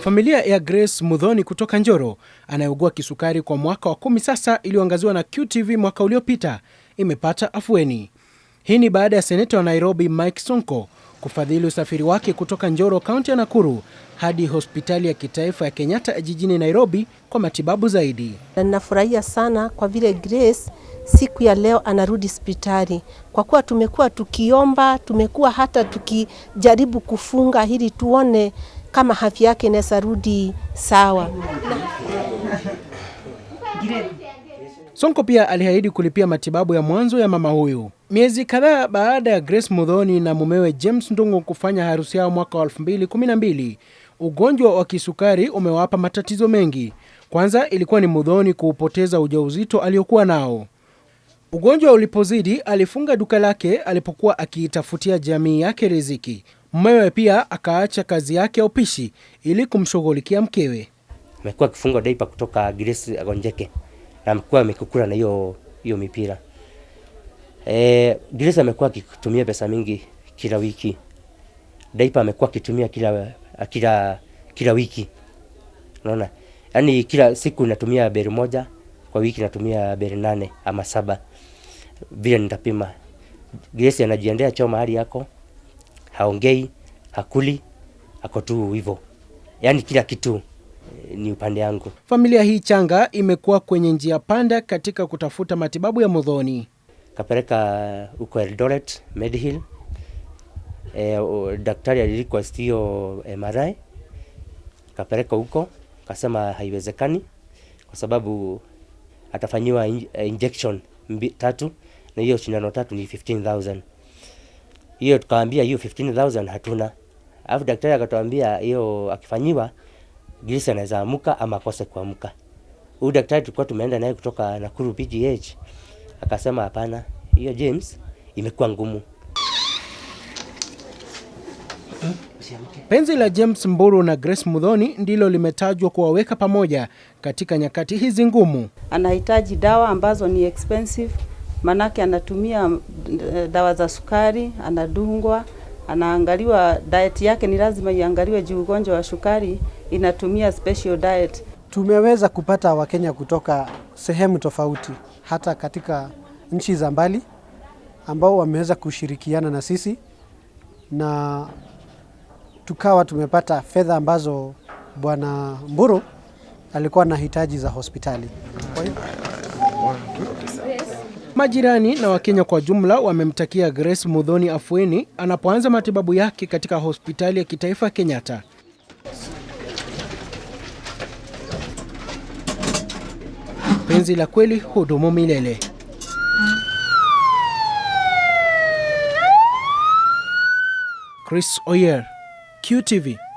Familia ya Grace Mudhoni kutoka Njoro anayeugua kisukari kwa mwaka wa kumi sasa, iliyoangaziwa na QTV mwaka uliopita, imepata afueni. Hii ni baada ya seneta wa Nairobi Mike Sonko kufadhili usafiri wake kutoka Njoro, kaunti ya Nakuru hadi hospitali ya kitaifa ya Kenyatta jijini Nairobi kwa matibabu zaidi. Na ninafurahia sana kwa vile Grace siku ya leo anarudi hospitali, kwa kuwa tumekuwa tukiomba, tumekuwa hata tukijaribu kufunga ili tuone kama afya yake inaweza rudi sawa. Sonko pia aliahidi kulipia matibabu ya mwanzo ya mama huyu. Miezi kadhaa baada ya Grace Mudhoni na mumewe James Ndungu kufanya harusi yao mwaka wa 2012, ugonjwa wa kisukari umewapa matatizo mengi. Kwanza ilikuwa ni Mudhoni kuupoteza ujauzito aliokuwa nao. Ugonjwa ulipozidi, alifunga duka lake alipokuwa akiitafutia jamii yake riziki. Mmewe pia akaacha kazi yake ya upishi ili kumshughulikia mkewe. Amekuwa akifunga daipa kutoka Grace Agonjeke na amekuwa amekukula na hiyo hiyo mipira e, Grace amekuwa akitumia pesa mingi kila wiki, daipa amekuwa akitumia kila, kila, kila wiki unaona, yaani kila siku natumia beri moja kwa wiki natumia beri nane ama saba vile nitapima. Grace anajiendea choma hali yako haongei, hakuli, ako tu hivyo, yaani kila kitu eh, ni upande yangu. Familia hii changa imekuwa kwenye njia panda katika kutafuta matibabu ya modhoni Kapeleka uh, huko Eldoret Medhill, e, daktari alirequest hiyo MRI, kapeleka huko, kasema haiwezekani kwa sababu atafanyiwa eh, injection mbi, tatu na hiyo shindano tatu ni 15000 hiyo tukaambia hiyo 15000 hatuna. Alafu daktari akatuambia hiyo akifanyiwa Grace anaweza amuka ama akose kuamka. Huyu daktari tulikuwa tumeenda naye kutoka Nakuru PGH akasema hapana, hiyo James imekuwa ngumu. Penzi la James Mburu na Grace mudhoni ndilo limetajwa kuwaweka pamoja katika nyakati hizi ngumu. Anahitaji dawa ambazo ni expensive manake anatumia eh, dawa za sukari, anadungwa, anaangaliwa diet yake ni lazima iangaliwe juu ugonjwa wa sukari inatumia special diet. Tumeweza kupata Wakenya kutoka sehemu tofauti hata katika nchi za mbali ambao wameweza kushirikiana na sisi na tukawa tumepata fedha ambazo Bwana Mburu alikuwa na hitaji za hospitali. Majirani na Wakenya kwa jumla wamemtakia Grace Muthoni afueni anapoanza matibabu yake katika hospitali ya kitaifa Kenyatta. Penzi la kweli hudumu milele. Chris Oyer, QTV.